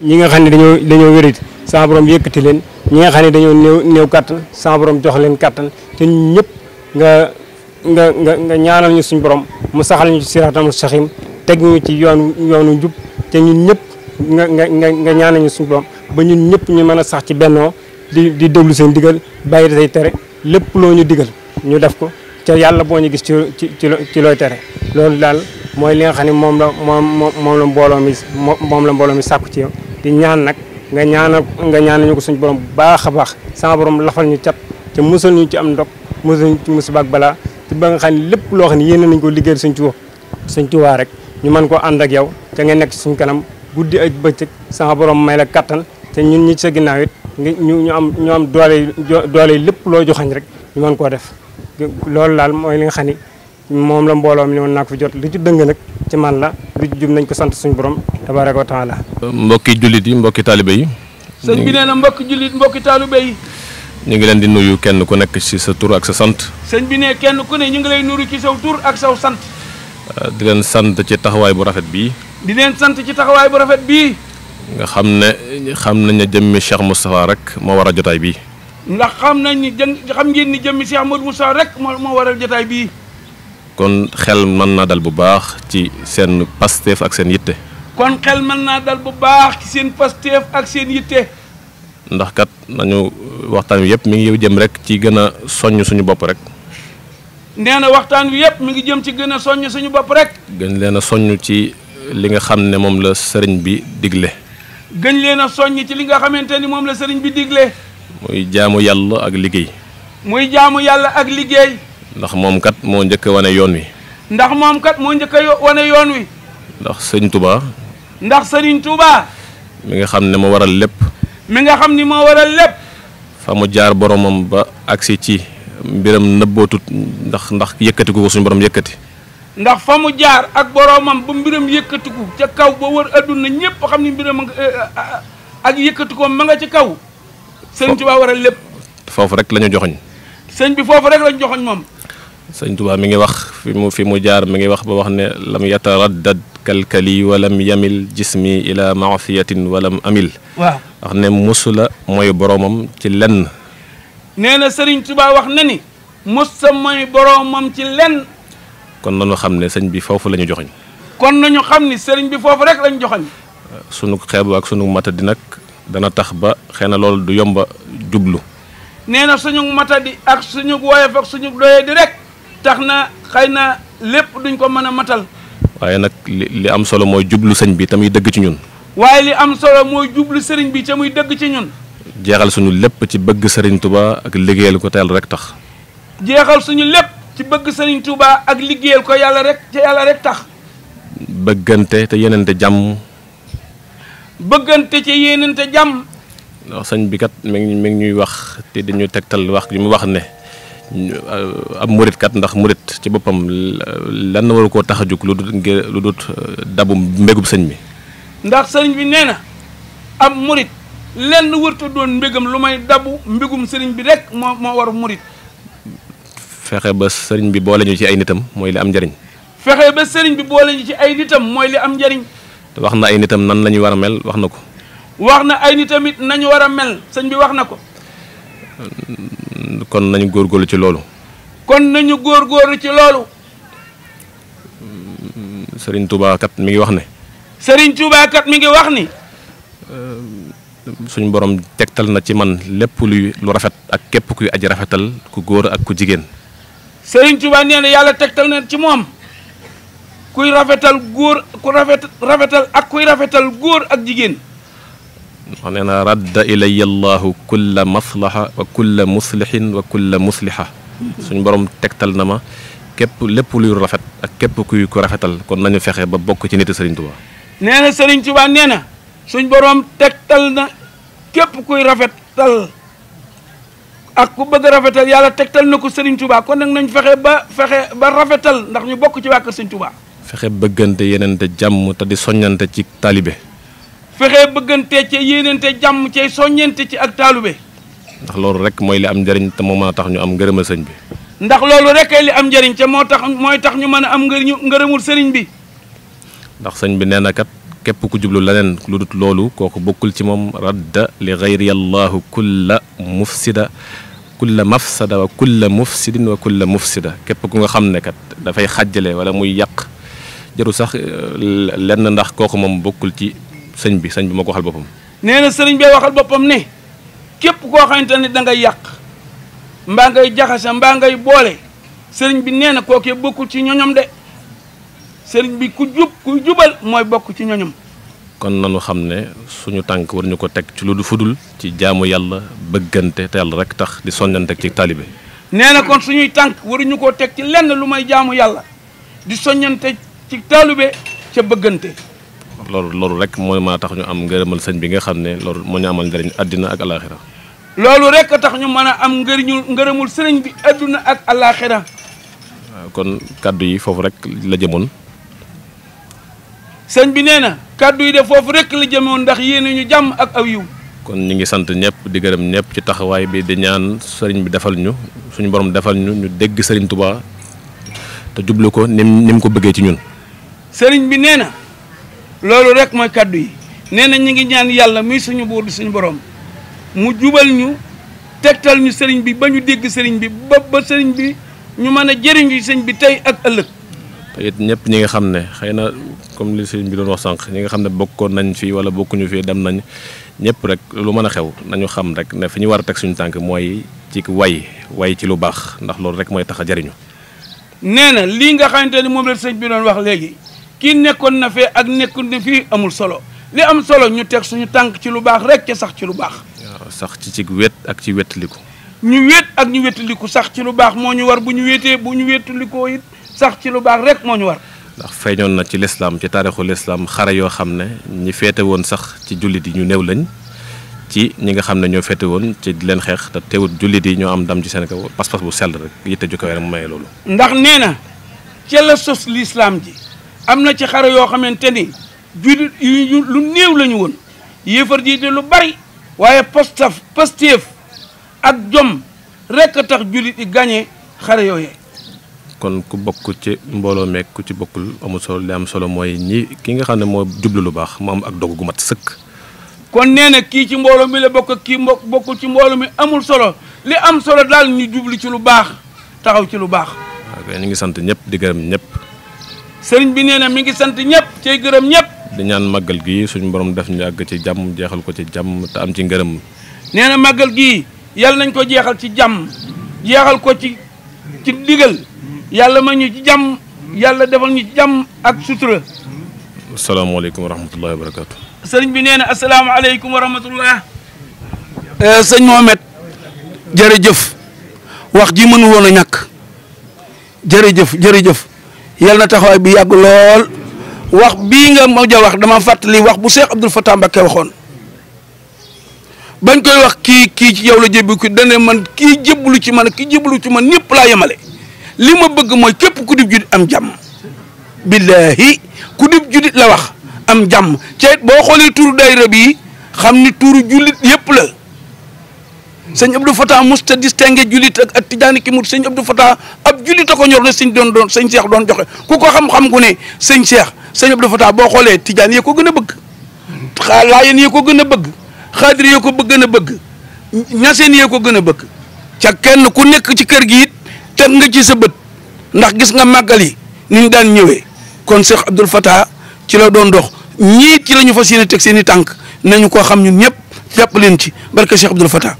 ñi nga xamni dañu dañu wërit sa borom yëkëti leen ñi nga xamni dañu dañoo néew néew sa borom jox leen kàttan te ñëpp nga nga nga nga ñaanal ñu suñu borom mu saxal ñu ci siratul mustaqim tegg ñu ci yoon yoonu njub te ñun ñëpp nga nga nga ñaanal ñu suñu borom ba ñun ñëpp ñu mëna sax ci benno di di déglu seen digal bàyyi day téré lepp loo ñu digal ñu def ko ci yalla boo ñu gis ci ci ci loy téré loolu dal moy li nga xamni mom la mom moom la mbolo mi mom la mbolo mi sakku ci yow di ñaan nag nga ñaanal nga ñaanal ñu ko suñ borom bu baax a baax sama borom lafal ñu cat te musal ñu ci am ndox musal ñu ci musiba ak balaa te ba nga xam lépp loo xam ne yéene nañ ko liggéeyal suñ Tuubaa suñ Tuubaa rek ñu mën koo ànd ak yow te nga nekk suñ kanam guddi ak bëccëg sama borom may la kattan te ñun ñi sa ginnaaw it ñu ñu am ñu am doole doole lépp loo joxañ rek ñu mën koo def loolu laal mooy li nga xam mom la mbooloo mi woon naa fi jot li ci dëng nak ci man la lu ci jub nañ ko sant suñu borom tabarak wa taala mbokki julit yi mbokki talibe yi. señ bi neena mbokki jullit mbokki yi. ñu ngi leen di nuyu kenn ku nekk ci sa tur ak sa sant. señ bi ne kenn ku ne ñu ngi lay nuyu ci sa tour ak sa sant. Euh, di leen sant ci taxaway bu rafet bi di leen sant ci taxaway bu rafet bi nga xamne xamna ñu jëm mi Cheikh Moustapha rek mo wara jotay bi nga xamna ni xam ngeen ni mi Cheikh Modou rek mo wara jotay bi kon xel man na dal bu baax ci seen pastef ak seen yitte kon xel man na dal bu baax ci seen pastef ak seen yitte ndax kat nañu waxtaan yépp mi ngi jëm rek ci gëna a suñu bopp rek neena na waxtaan wi yépp mi ngi jëm ci gëna a suñu bopp rek gën leena a ci li nga xam ne la sëriñ bi digle gën leena a ci li nga xamante ni moom la sëriñ bi digle muy jaamu yàlla ak liggéey muy jaamu yàlla ak liggéey ndax moom kat moo njëkk wane yoon wi ndax moom kat moo njëkk wane yoon wi ndax sëñ tuba ndax sëriñ tuba mi nga xam ne moo waral lépp mi nga xam ni moo waral lépp fa mu jaar boromam ba agsi ci mbiram nëbbootut ndax ndax yëkkatiku ko suñu borom yëkkati ndax fa mu jaar ak boromam ba mbiram yëkkatiku ca kaw ba wër aduna ñëpp xam ni mbiram eh, eh, eh, ak yëkkatikoom ma nga ci kaw sëñ tuba waral lépp foofu rek lañu joxoñ sëñ bi foofu rek lañu joxoñ moom سيدنا توبا ميغي واخ في مو في مو جار ميغي واخ با واخ لم يتردد كالكلي ولم يمل جسمي الى معصيه ولم امل واخ واخ ني مسلا موي بروموم تي لن نينا سيدنا توبا واخ ناني مسا موي بروموم تي لن كون نانو خامني سيدنا بي فوف لا ني جوخني كون نانو خامني سيدنا بي فوف ريك لا ني جوخني سونو خيب واك سونو ماتا دي ناك دا نا تاخ با خينا لول دو يومبا جوبلو نينا سونو ماتا دي اك سونو وايف اك سونو دوي دي ريك taxna na lepp duñ ko mën matal waye nak li am solo moy jublu señ bi tamuy dëgg ci ñun waye li am solo moy jublu señ bi ca muy dëgg ci ñun jeexal suñu lepp ci bëgg señ Touba ak liggéeyal ko tayal rek tax jeexal suñu lepp ci bëgg señ Touba ak liggéeyal ko Yalla rek ci Yalla rek tax bëggante te yenente jam bëggante ci yenente jam ndax señ bi kat meñ ñuy wax te dañu tektal wax li mu wax ne ab murit kat ndax murit ci boppam lan waru koo tax a jóg lu dut euh, dabu dut sëñ bi. ndax sëriñ bi nee na ab murit lenn wërta doon mbégam lu may dabu mbégum sëriñ bi rek moo moo war murit. fexe ba sëriñ bi boole ñu ci ay nitam mooy li am njariñ. fexe ba sëriñ bi boole ñu ci ay nitam mooy li am njariñ. te wax na ay nitam nan lañuy war a mel wax na ko. wax na ay nitamit nañu war a mel sëñ bi wax na ko. Euh, kon nañu góor góorlu ci loolu. kon nañu góor góorgóorlu ci loolu. sëriñ Touba kat mi ngi wax ne. Serigne Touba kat mi ngi wax ni. suñu borom tegtal na ci man lépp luy lu rafet ak képp kuy aj rafetal ku góor ak ku jigéen. Serigne Touba nee na yàlla tegtal na ci moom kuy rafetal góor ku rafet rafetal ak kuy rafetal góor ak jigéen. أنا رد إلي الله كل مصلحة وكل مصلح وكل مصلحة سن برام تكتل نما كيب لب لي رفت كيب كوي كرفتال كنا نفخ ببوك تيني تسرين توا نينا سرين توا نينا سن برام تكتل نا كيب كوي رفتال أكو بد رفتال يلا تكتل نكو سرين توا كنا نفخ ب فخ برفتال نحن ببوك توا كسرين توا فخ بجنت ينن تجمع تدي سنن تجيك طالبه fexe bëggante ci yéenante jàmm ci soññente ci ak talubé ndax loolu rek moy li am njëriñ te mo mën tax ñu am ngërëmal sëñ bi ndax loolu rek li am njëriñ te mo tax moy tax ñu mëna a am ngërñu ngërëmul sëñ bi ndax sëñ bi néna kat képp ku jublu leneen luddut loolu koku bokul ci mom radda li ghayri allah kull mufsida كل مفسد وكل مفسد وكل مفسد كيف كوغا képp كات دا فاي ne ولا موي xàjjale جيرو صاح لن jaru كوكو موم بوكل تي sëñ bi sëñ bi moo ko waxal boppam. nee na sëriñ bee waxal boppam ne képp koo xamante ne da ngay yàq mbaa ngay jaxase mbaa ngay boole sëriñ bi nee na kookee bokkul ci ñoñom de sëriñ bi ku jub ku jubal mooy bokk ci ñoñom. kon nanu xam ne suñu tànk war ñu ko teg ci lu du fudul ci jaamu yàlla bëggante te yàlla rek tax di soññante ci taalibe. nee na kon suñuy tànk waruñu koo teg ci lenn lu may jaamu yàlla di soññante ci taalibe ca bëggante. loolu loolu rek mooy maa tax ñu am ngërëmal sëñ bi nga xam ne loolu moo ñu amal njëriñ àddina ak alaxira loolu rek tax ñu mën a am ngëriñu ngërëmul sëriñ bi àdduna ak alaxira kon kàddu yi foofu rek la jëmoon sëñ bi nee na kàddu yi de foofu rek la jëmoon ndax yéene ñu jàmm ak aw yiw kon ñu ngi sant ñëpp di gërëm ñëpp ci taxawaay bi di ñaan sëriñ bi defal ñu suñu borom defal ñu ñu dégg sëriñ Tuubaa te jublu ko nim nim ko bëggee ci ñun sëriñ bi nee na loolu rek mooy kàddu yi nee na ñu ngi ñaan yàlla muy suñu buur di suñu boroom mu jubal ñu tegtal ñu sëriñ bi ba ñu dégg sëriñ bi ba ba sëriñ bi ñu mën a jëriñu sëriñ bi tey ak ëllëg. te it ñëpp ñi nga xam ne xëy na comme li sëriñ bi doon wax sànq ñi nga xam ne bokkoon nañ fii wala bokkuñu fii dem nañ ñëpp rek lu mën a xew nañu xam rek ne fi ñu war a teg suñu tànk mooy ci way way ci lu baax ndax loolu rek mooy tax a jëriñu. nee na nga xamante ne bi doon wax léegi kii nekkoon na fee ak nekkoon na fii amul solo li am solo ñu teg suñu tànk ci lu baax rek ca sax ci lu baax. sax ci ci wet ak ci wetaliku. ñu wet ak ñu wetaliku sax ci lu baax moo ñu war bu ñu wetee bu ñu wetalikoo it sax ci lu rek moo ñu war. ndax feeñoon na ci lislaam ci taarixu lislaam xare yoo xam ne ñi feete woon sax ci jullit yi ñu néew lañ ci ñi nga xam ne ñoo feete woon ci di leen xeex te teewut jullit yi ñoo am ndam ci seen kaw pas-pas bu sell rek yitte ju kawe rek mu maye loolu. ndax nee na ca lislaam ji. amna ci xara yo xamanteni lu neew lañu won yeufar ji de lu bari waye postaf pastef ak jom rek tax julit yi gagné xare yooyee kon ku bokk ci mbolo mek ku ci bokkul amu solo li am solo moy ni ki nga xamne mo djublu lu bax mo am ak dogu gu mat seuk kon neena ki ci mbolo mi la bokk ki mbokk bokkul ci mbolo mi amul solo li am solo dal ni djublu ci lu bax taxaw ci lu bax waaw ngi sante ñep di gërem ñep sëriñ bi nee na mi ngi sant ñëpp cay gërëm ñëpp. di ñaan màggal gii suñu borom def ñu àgg ci jàmm jeexal ko ci jàmm te am ci ngërëm. nee na màggal gi yàlla nañ ko jeexal ci jàmm jeexal ko ci ci digal yàlla ma ñu ci jàmm yàlla defal ñu ci jàmm ak sutura. asalaamaaleykum wa rahmatullahi wa barakaatu. sëriñ bi nee na asalaamaaleykum wa rahmatullah. Eh, sëñ Mohamed jërëjëf wax ji mënu woon a ñàkk jërëjëf jërëjëf. yal na taxawaay bi yàgg lool wax bii nga ma ja wax dama fàttali wax bu seex Abdoul Fatah Mbacké waxoon bañ koy wax kii kii ci yow la jébbi ku man kii jébbalu ci man kii jébbalu ci man ñëpp laa yemale li ma bëgg mooy képp ku dib judit am jàmm billaahi ku dib judit la wax am jàmm ceet boo xoolee tuuru daayira bi xam ni tuuru jullit yépp la seigne Abdou Fatah musta distingué julit ak tidiane ki mut seigne Abdou Fatah ab julit ko ñor na seigne don don seigne Cheikh don joxe ku ko xam-xam gu ne seigne Cheikh seigne Abdou Fatah bo xoolee tidiane yee ya ko gëna bëgg xalaayen yee ya ko gëna bëgg khadir yee ya ko bëgg na bëgg ñaseen ya ko gëna bëgg ca kenn ku nekk ci kër gi it nga ci sa bëtt ndax gis nga magali ni ñu daan ñëwé kon Cheikh Abdou Fatah ci la don dox ñi ci lañu fasiyene tek seen nañu ko xam ñun ñep ci barke Cheikh Abdou Fatah